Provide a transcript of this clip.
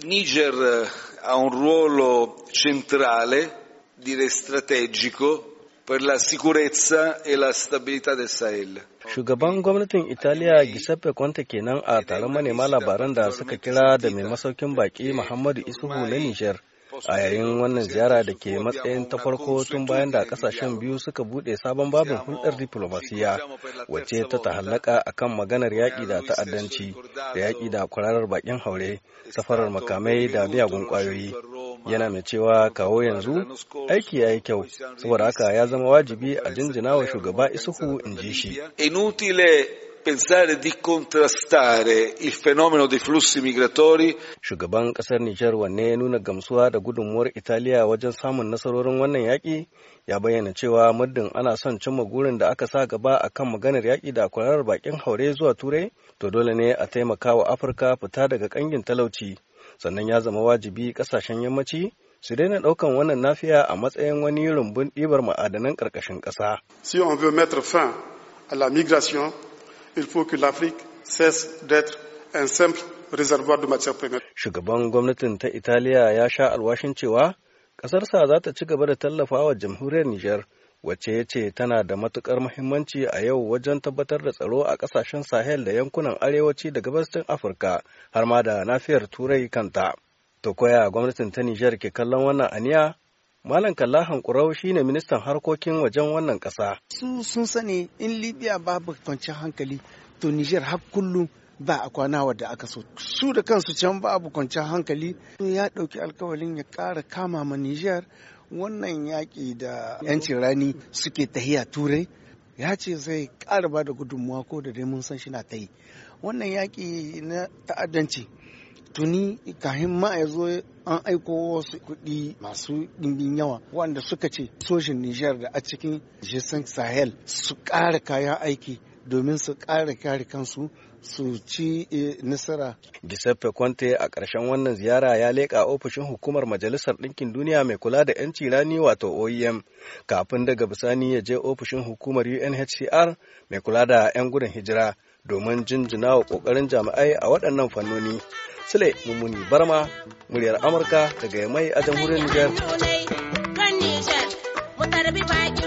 Niger eh, ha un ruolo centrale, direi strategico, per la sicurezza e la stabilità del Sahel. Shugaban gwamnatin Italiya Giuseppe Conte kenan a taron manema labaran da suka kira da mai masaukin baki Muhammadu Isuhu na Nijar. a yayin wannan ziyara da ke matsayin ta farko tun bayan da kasashen biyu suka buɗe sabon babin hulɗar diplomasiya wacce ta tahallaka kan maganar yaƙi da ta'addanci da yaƙi da kwararar bakin haure safarar makamai da miyagun ƙwayoyi yana mai cewa kawo yanzu aiki ya yi kyau saboda haka ya zama wajibi a jinjina wa shugaba isuhu in ji shi pensare di contrastare il fenomeno dei flussi migratori. Shugaban kasar niger wanne ya nuna gamsuwa da gudunmuwar Italiya wajen samun nasarorin wannan yaƙi ya bayyana cewa muddin ana son cimma gurin da aka sa gaba akan maganar yaki da kwararar bakin haure zuwa Turai to dole ne a taimaka wa Afirka fita daga ƙangin talauci sannan ya zama wajibi kasashen yammaci su daina ɗaukan wannan nafiya a matsayin wani rumbun ɗibar ma'adanan ƙarƙashin ƙasa. Si on veut mettre fin à la migration, il faut que l'Afrique cesse d'être un simple réservoir de matières premières. Shugaban gwamnatin ta Italiya ya sha alwashin cewa ƙasarsa za ta ci gaba da tallafawa jamhuriyar Nijar wacce ya ce tana da matukar muhimmanci a yau wajen tabbatar da tsaro a ƙasashen Sahel da yankunan arewaci da gabashin Afirka har ma da nafiyar Turai kanta. To koya gwamnatin ta Nijar ke kallon wannan aniya Malam Kalla Hankurau shine ministan harkokin wajen wannan ƙasa. Su sun sani in Libya babu kwanciyar hankali to Nijar har kullum ba a kwana wadda aka so. Su da kansu can babu kwanciyar hankali ya ɗauki alkawalin ya ƙara kama ma Nijar wannan yaƙi da 'yancin rani suke tahiya turai ya ce zai ƙara ba da gudunmuwa ko da dai mun san shi na ta yi. Wannan yaƙi na ta'addanci tuni kahin ma ya zo an aiko wasu kuɗi masu ɗimbin yawa wanda suka ce sojin Nijar da a cikin g Sahel su ƙara kayan aiki domin su ƙara kare kansu su ci eh, nasara. Giuseppe Conte a ƙarshen wannan ziyara ya leƙa ofishin hukumar Majalisar Ɗinkin Duniya mai kula da 'yanci rani wato OEM kafin daga bisani ya je ofishin hukumar UNHCR mai kula da 'yan gudun hijira domin jinjina wa ƙoƙarin jami'ai a waɗannan fannoni. Sule Mummuni Barma, muryar Amurka daga Yamai a jamhuriyar Nijar. Nijar, mu tarbi